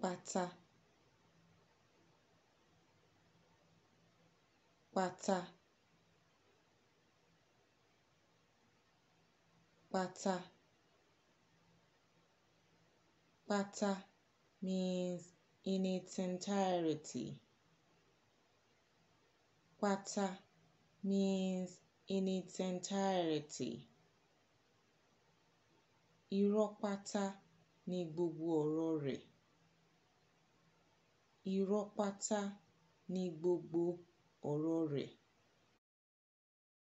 pátá pátá pátá pátá means in its entirety pátá means in its entirety irọ́ pátá ni gbogbo ọ̀rọ̀ rẹ̀ irọ́ pátá ni gbogbo ọ̀rọ̀ rẹ̀